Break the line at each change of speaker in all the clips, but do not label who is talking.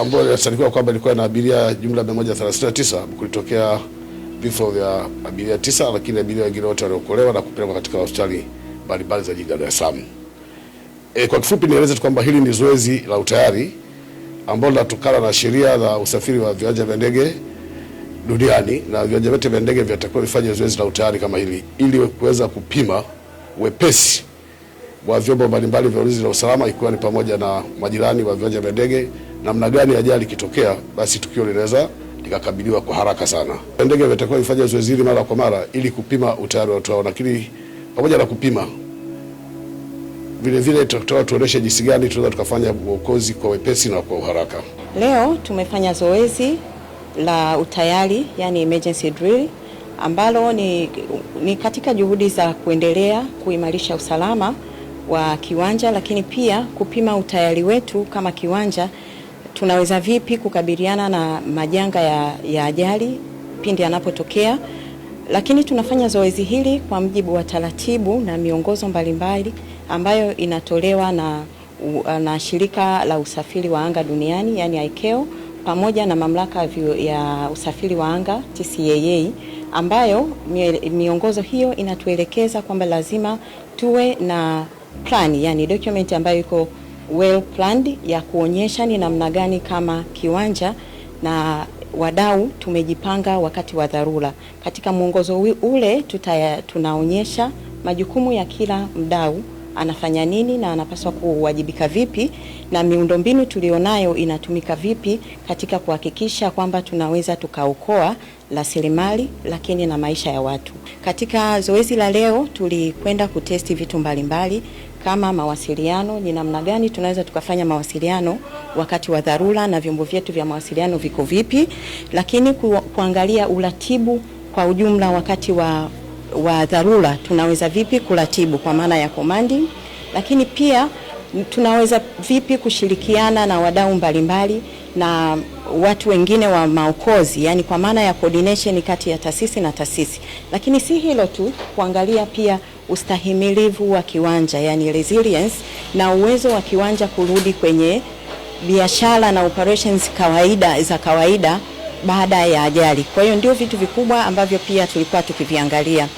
ambayo inatarifiwa kwamba ilikuwa na abiria jumla 139 kulitokea vifo vya abiria tisa, lakini abiria wengine wote waliokolewa na kupelekwa katika hospitali mbalimbali za jiji la Dar es Salaam. E, kwa kifupi nieleze tu kwamba hili ni zoezi la utayari ambalo linatokana na sheria za usafiri wa viwanja vya ndege duniani na viwanja vyote vya ndege vitakuwa vifanye zoezi la utayari kama hili ili kuweza kupima wepesi wa vyombo mbalimbali vya ulinzi na usalama ikiwa ni pamoja na majirani wa viwanja vya ndege namna gani ajali ikitokea, basi tukio linaweza likakabiliwa kwa haraka sana. Ndege vitakuwa ifanye zoezi hili mara kwa mara ili kupima utayari wa watu wao, lakini pamoja na kupima vilevile tutakuwa tuoneshe jinsi gani tunaweza tukafanya uokozi kwa wepesi na kwa uharaka.
Leo tumefanya zoezi la utayari, yani emergency drill, ambalo ni, ni katika juhudi za kuendelea kuimarisha usalama wa kiwanja, lakini pia kupima utayari wetu kama kiwanja tunaweza vipi kukabiliana na majanga ya, ya ajali pindi yanapotokea, lakini tunafanya zoezi hili kwa mjibu wa taratibu na miongozo mbalimbali mbali, ambayo inatolewa na, na shirika la usafiri wa anga duniani yani ICAO e pamoja na mamlaka ya usafiri wa anga TCAA ambayo miongozo hiyo inatuelekeza kwamba lazima tuwe na plani yani document ambayo iko well planned ya kuonyesha ni namna gani kama kiwanja na wadau tumejipanga wakati wa dharura. Katika mwongozo ule tutaya, tunaonyesha majukumu ya kila mdau anafanya nini na anapaswa kuwajibika vipi na miundombinu tulionayo inatumika vipi katika kuhakikisha kwamba tunaweza tukaokoa rasilimali lakini na maisha ya watu. Katika zoezi la leo tulikwenda kutesti vitu mbalimbali mbali, kama mawasiliano, ni namna gani tunaweza tukafanya mawasiliano wakati wa dharura na vyombo vyetu vya mawasiliano viko vipi, lakini ku, kuangalia uratibu kwa ujumla wakati wa wa dharura tunaweza vipi kuratibu kwa maana ya commanding, lakini pia tunaweza vipi kushirikiana na wadau mbalimbali na watu wengine wa maokozi, yani kwa maana ya coordination kati ya taasisi na taasisi. Lakini si hilo tu, kuangalia pia ustahimilivu wa kiwanja, yani resilience, na uwezo wa kiwanja kurudi kwenye biashara na operations kawaida za kawaida baada ya ajali. Kwa hiyo ndio vitu vikubwa ambavyo pia tulikuwa tukiviangalia.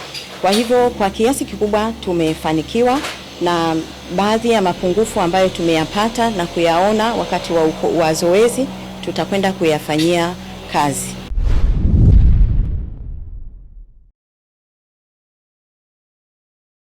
Kwa hivyo kwa kiasi kikubwa tumefanikiwa na baadhi ya mapungufu ambayo tumeyapata na kuyaona wakati wa, wa zoezi tutakwenda kuyafanyia kazi.